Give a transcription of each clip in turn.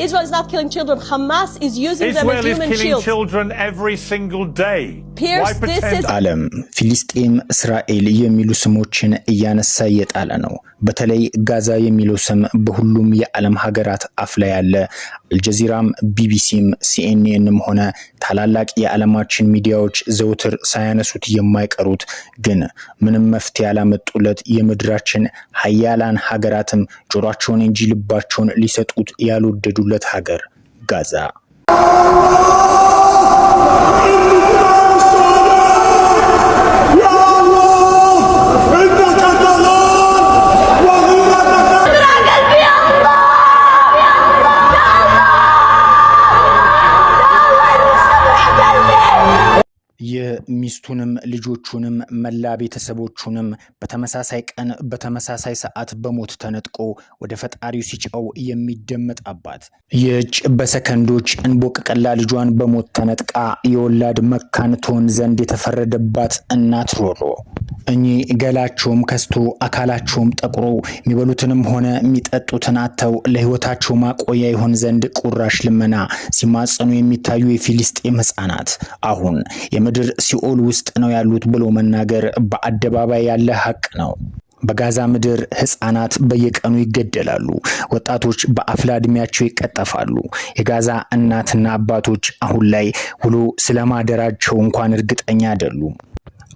Israel is not killing children. Hamas is using Israel them as human is killing shields. children every single day. Pierce, this is ዓለም ፊሊስጤም፣ እስራኤል የሚሉ ስሞችን እያነሳ እየጣለ ነው። በተለይ ጋዛ የሚለው ስም በሁሉም የዓለም ሀገራት አፍ ላይ አለ አልጀዚራም፣ ቢቢሲም፣ ሲኤንኤንም ሆነ ታላላቅ የዓለማችን ሚዲያዎች ዘውትር ሳያነሱት የማይቀሩት ግን ምንም መፍትሄ ያላመጡለት የምድራችን ሀያላን ሀገራትም ጆሯቸውን እንጂ ልባቸውን ሊሰጡት ያልወደዱ የተዘጋጁለት ሀገር ጋዛ ሚስቱንም ልጆቹንም መላ ቤተሰቦቹንም በተመሳሳይ ቀን በተመሳሳይ ሰዓት በሞት ተነጥቆ ወደ ፈጣሪው ሲጨው የሚደመጥ አባት ይህች በሰከንዶች እንቦቅቀላ ልጇን በሞት ተነጥቃ የወላድ መካን ትሆን ዘንድ የተፈረደባት እናት ሮሮ እኚህ ገላችሁም ከስቶ አካላችሁም ጠቁሮ የሚበሉትንም ሆነ የሚጠጡትን አጥተው ለሕይወታቸው ማቆያ ይሆን ዘንድ ቁራሽ ልመና ሲማጸኑ የሚታዩ የፊልስጤም ሕፃናት አሁን የምድር ሲኦል ውስጥ ነው ያሉት ብሎ መናገር በአደባባይ ያለ ሀቅ ነው። በጋዛ ምድር ህፃናት በየቀኑ ይገደላሉ። ወጣቶች በአፍላ እድሜያቸው ይቀጠፋሉ። የጋዛ እናትና አባቶች አሁን ላይ ውሎ ስለማደራቸው እንኳን እርግጠኛ አይደሉም።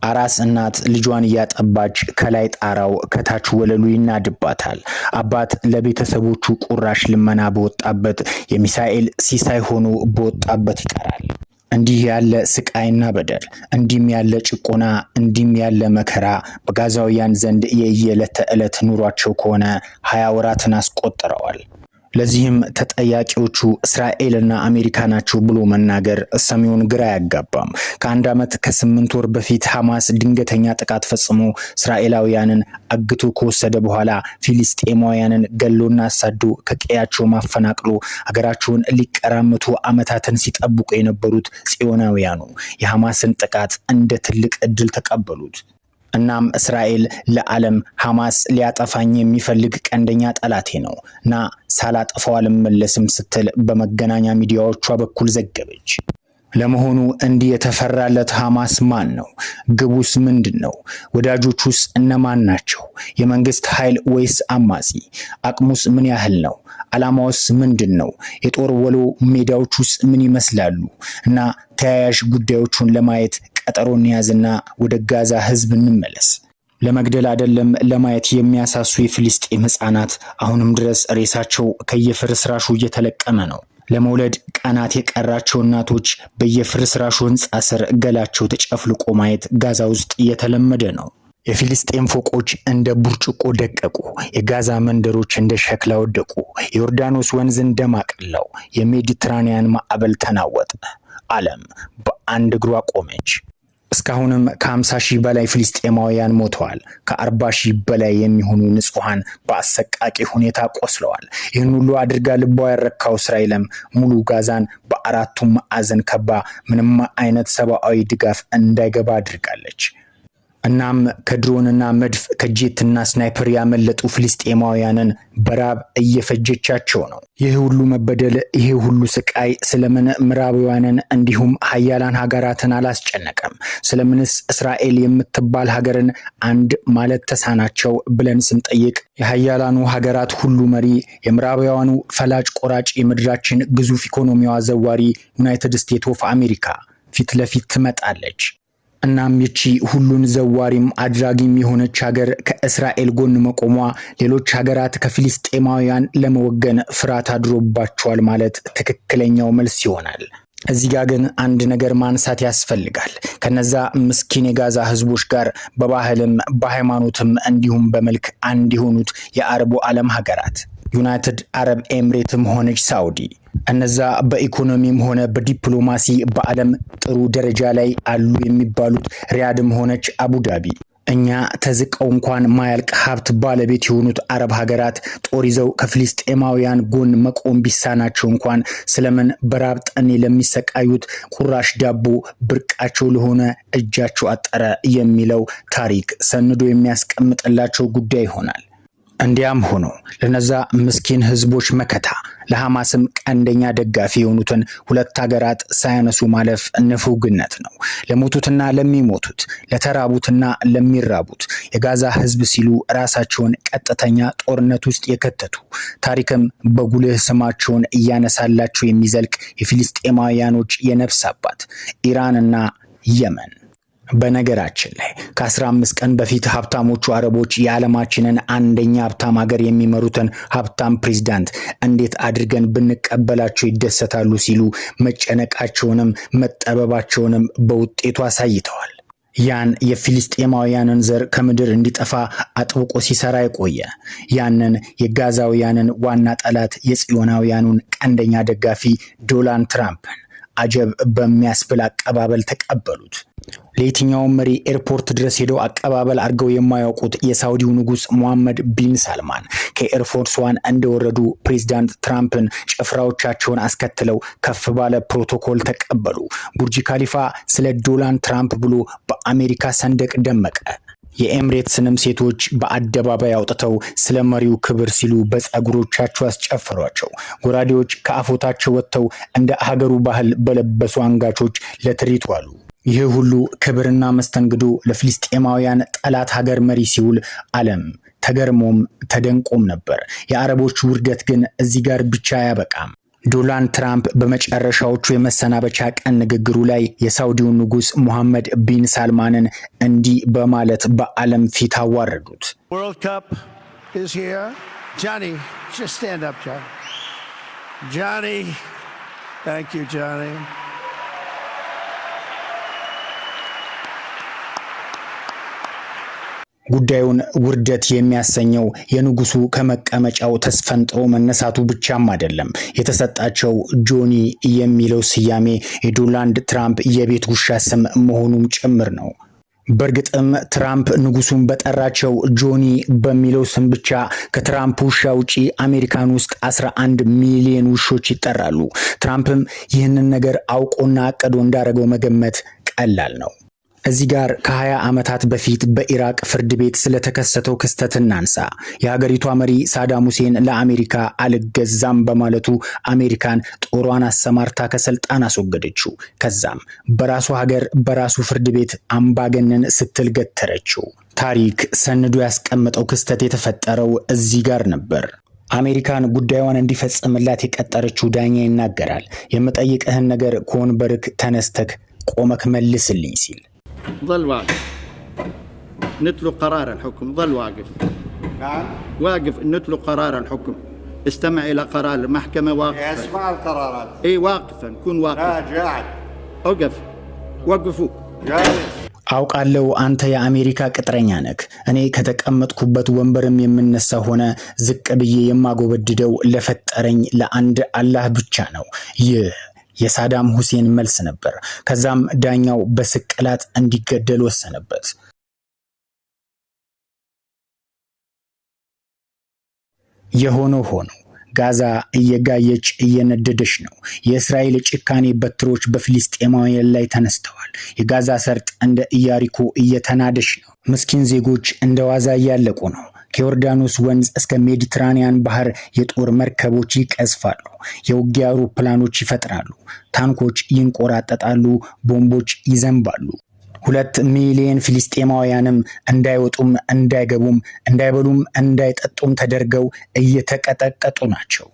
አራስ እናት ልጇን እያጠባች ከላይ ጣራው ከታች ወለሉ ይናድባታል። አባት ለቤተሰቦቹ ቁራሽ ልመና በወጣበት የሚሳኤል ሲሳይ ሆኖ በወጣበት ይቀራል። እንዲህ ያለ ስቃይና በደል፣ እንዲህም ያለ ጭቆና፣ እንዲህም ያለ መከራ በጋዛውያን ዘንድ የየዕለት ተዕለት ኑሯቸው ከሆነ ሀያ ወራትን አስቆጥረዋል። ለዚህም ተጠያቂዎቹ እስራኤልና አሜሪካ ናቸው ብሎ መናገር ሰሚውን ግራ አያጋባም። ከአንድ ዓመት ከስምንት ወር በፊት ሐማስ ድንገተኛ ጥቃት ፈጽሞ እስራኤላውያንን አግቶ ከወሰደ በኋላ ፊሊስጤማውያንን ገሎና አሳዶ ከቀያቸው ማፈናቅሎ ሀገራቸውን ሊቀራምቱ ዓመታትን ሲጠብቁ የነበሩት ጽዮናውያኑ የሐማስን ጥቃት እንደ ትልቅ እድል ተቀበሉት። እናም እስራኤል ለዓለም ሐማስ ሊያጠፋኝ የሚፈልግ ቀንደኛ ጠላቴ ነው ና ሳላጠፋው አልመለስም ስትል በመገናኛ ሚዲያዎቿ በኩል ዘገበች። ለመሆኑ እንዲህ የተፈራለት ሐማስ ማን ነው? ግቡስ ምንድን ነው? ወዳጆቹስ እነማን ናቸው? የመንግስት ኃይል ወይስ አማጺ? አቅሙስ ምን ያህል ነው? ዓላማውስ ምንድን ነው? የጦር ወሎ ሜዳዎቹስ ምን ይመስላሉ? እና ተያያዥ ጉዳዮቹን ለማየት ቀጠሮ እንያዝና ወደ ጋዛ ህዝብ እንመለስ። ለመግደል አይደለም ለማየት የሚያሳሱ የፊልስጤም ህፃናት አሁንም ድረስ ሬሳቸው ከየፍርስራሹ እየተለቀመ ነው። ለመውለድ ቀናት የቀራቸው እናቶች በየፍርስራሹ ህንፃ ስር ገላቸው ተጨፍልቆ ማየት ጋዛ ውስጥ እየተለመደ ነው። የፊልስጤም ፎቆች እንደ ቡርጭቆ ደቀቁ። የጋዛ መንደሮች እንደ ሸክላ ወደቁ። የዮርዳኖስ ወንዝ እንደማቀላው የሜዲትራኒያን ማዕበል ተናወጠ። ዓለም በአንድ እግሯ ቆመች። እስካሁንም ከ50 ሺህ በላይ ፍልስጤማውያን ሞተዋል። ከ40 ሺህ በላይ የሚሆኑ ንጹሐን በአሰቃቂ ሁኔታ ቆስለዋል። ይህን ሁሉ አድርጋ ልቧ ያረካው እስራኤልም ሙሉ ጋዛን በአራቱም ማዕዘን ከባ ምንም አይነት ሰብአዊ ድጋፍ እንዳይገባ አድርጋለች። እናም ከድሮንና መድፍ ከጄትና ስናይፐር ያመለጡ ፍልስጤማውያንን በራብ እየፈጀቻቸው ነው። ይህ ሁሉ መበደል፣ ይህ ሁሉ ስቃይ ስለምን ምዕራባውያንን እንዲሁም ሀያላን ሀገራትን አላስጨነቀም? ስለምንስ እስራኤል የምትባል ሀገርን አንድ ማለት ተሳናቸው ብለን ስንጠይቅ የሀያላኑ ሀገራት ሁሉ መሪ የምዕራባውያኑ ፈላጭ ቆራጭ የምድራችን ግዙፍ ኢኮኖሚዋ ዘዋሪ ዩናይትድ ስቴትስ ኦፍ አሜሪካ ፊት ለፊት ትመጣለች። እናም ይቺ ሁሉን ዘዋሪም አድራጊም የሆነች ሀገር ከእስራኤል ጎን መቆሟ ሌሎች ሀገራት ከፊልስጤማውያን ለመወገን ፍርሃት አድሮባቸዋል ማለት ትክክለኛው መልስ ይሆናል። እዚህ ጋር ግን አንድ ነገር ማንሳት ያስፈልጋል። ከነዛ ምስኪን የጋዛ ህዝቦች ጋር በባህልም በሃይማኖትም እንዲሁም በመልክ አንድ የሆኑት የአረቡ ዓለም ሀገራት ዩናይትድ አረብ ኤምሬትም ሆነች ሳውዲ እነዛ በኢኮኖሚም ሆነ በዲፕሎማሲ በዓለም ጥሩ ደረጃ ላይ አሉ የሚባሉት ሪያድም ሆነች አቡዳቢ እኛ ተዝቀው እንኳን ማያልቅ ሀብት ባለቤት የሆኑት አረብ ሀገራት ጦር ይዘው ከፍልስጤማውያን ጎን መቆም ቢሳናቸው እንኳን ስለምን በራብ ጠኔ ለሚሰቃዩት ቁራሽ ዳቦ ብርቃቸው ለሆነ እጃቸው አጠረ የሚለው ታሪክ ሰንዶ የሚያስቀምጥላቸው ጉዳይ ይሆናል። እንዲያም ሆኖ ለነዛ ምስኪን ህዝቦች መከታ ለሐማስም ቀንደኛ ደጋፊ የሆኑትን ሁለት ሀገራት ሳያነሱ ማለፍ ንፉግነት ነው። ለሞቱትና ለሚሞቱት፣ ለተራቡትና ለሚራቡት የጋዛ ህዝብ ሲሉ ራሳቸውን ቀጥተኛ ጦርነት ውስጥ የከተቱ ታሪክም በጉልህ ስማቸውን እያነሳላቸው የሚዘልቅ የፊልስጤማውያኖች የነፍስ አባት ኢራንና የመን በነገራችን ላይ ከ15 ቀን በፊት ሀብታሞቹ አረቦች የዓለማችንን አንደኛ ሀብታም ሀገር የሚመሩትን ሀብታም ፕሬዚዳንት እንዴት አድርገን ብንቀበላቸው ይደሰታሉ ሲሉ መጨነቃቸውንም መጠበባቸውንም በውጤቱ አሳይተዋል። ያን የፊልስጤማውያንን ዘር ከምድር እንዲጠፋ አጥብቆ ሲሰራ የቆየ ያንን የጋዛውያንን ዋና ጠላት የጽዮናውያኑን ቀንደኛ ደጋፊ ዶናልድ ትራምፕን አጀብ በሚያስብል አቀባበል ተቀበሉት። ለየትኛውም መሪ ኤርፖርት ድረስ ሄደው አቀባበል አድርገው የማያውቁት የሳውዲው ንጉስ ሞሐመድ ቢን ሳልማን ከኤርፎርስ ዋን እንደወረዱ ፕሬዚዳንት ትራምፕን ጭፍራዎቻቸውን አስከትለው ከፍ ባለ ፕሮቶኮል ተቀበሉ። ቡርጅ ካሊፋ ስለ ዶናልድ ትራምፕ ብሎ በአሜሪካ ሰንደቅ ደመቀ። የኤምሬትስንም ሴቶች በአደባባይ አውጥተው ስለ መሪው ክብር ሲሉ በፀጉሮቻቸው አስጨፈሯቸው። ጎራዴዎች ከአፎታቸው ወጥተው እንደ ሀገሩ ባህል በለበሱ አንጋቾች ለትርኢቱ አሉ። ይህ ሁሉ ክብርና መስተንግዶ ለፊልስጤማውያን ጠላት ሀገር መሪ ሲውል ዓለም ተገርሞም ተደንቆም ነበር። የአረቦች ውርደት ግን እዚህ ጋር ብቻ አያበቃም። ዶናልድ ትራምፕ በመጨረሻዎቹ የመሰናበቻ ቀን ንግግሩ ላይ የሳውዲው ንጉሥ ሙሐመድ ቢን ሳልማንን እንዲህ በማለት በዓለም ፊት አዋረዱት። ጉዳዩን ውርደት የሚያሰኘው የንጉሱ ከመቀመጫው ተስፈንጥሮ መነሳቱ ብቻም አይደለም። የተሰጣቸው ጆኒ የሚለው ስያሜ የዶናልድ ትራምፕ የቤት ውሻ ስም መሆኑም ጭምር ነው። በእርግጥም ትራምፕ ንጉሱን በጠራቸው ጆኒ በሚለው ስም ብቻ ከትራምፕ ውሻ ውጪ አሜሪካን ውስጥ 11 ሚሊዮን ውሾች ይጠራሉ። ትራምፕም ይህንን ነገር አውቆና አቅዶ እንዳደረገው መገመት ቀላል ነው። እዚህ ጋር ከ20 ዓመታት በፊት በኢራቅ ፍርድ ቤት ስለተከሰተው ክስተት እናንሳ። የሀገሪቷ መሪ ሳዳም ሁሴን ለአሜሪካ አልገዛም በማለቱ አሜሪካን ጦሯን አሰማርታ ከስልጣን አስወገደችው። ከዛም በራሱ ሀገር በራሱ ፍርድ ቤት አምባገነን ስትል ገተረችው። ታሪክ ሰንዶ ያስቀመጠው ክስተት የተፈጠረው እዚህ ጋር ነበር። አሜሪካን ጉዳዩን እንዲፈጽምላት የቀጠረችው ዳኛ ይናገራል። የምጠይቅህን ነገር ከወንበርክ ተነስተክ ቆመክ መልስልኝ ሲል ظل واقف نتلو قرار الحكم ظل واقف نعم واقف نتلو قرار الحكم استمع الى قرار المحكمه واقف اسمع القرارات اي واقفا كن واقفا لا جاعد اوقف وقفوا جالس አውቃለሁ አንተ የአሜሪካ ቅጥረኛ ነክ እኔ ከተቀመጥኩበት ወንበርም የምነሳ ሆነ ዝቅ ብዬ የማጎበድደው ለፈጠረኝ ለአንድ አላህ ብቻ ነው። ይህ የሳዳም ሁሴን መልስ ነበር። ከዛም ዳኛው በስቅላት እንዲገደል ወሰነበት። የሆነው ሆኖ ጋዛ እየጋየች እየነደደች ነው። የእስራኤል ጭካኔ በትሮች በፊልስጤማውያን ላይ ተነስተዋል። የጋዛ ሰርጥ እንደ ኢያሪኮ እየተናደች ነው። ምስኪን ዜጎች እንደ ዋዛ እያለቁ ነው። ከዮርዳኖስ ወንዝ እስከ ሜዲትራኒያን ባህር የጦር መርከቦች ይቀዝፋሉ። የውጊያ አውሮፕላኖች ይፈጥራሉ። ታንኮች ይንቆራጠጣሉ። ቦምቦች ይዘንባሉ። ሁለት ሚሊየን ፊልስጤማውያንም እንዳይወጡም እንዳይገቡም እንዳይበሉም እንዳይጠጡም ተደርገው እየተቀጠቀጡ ናቸው።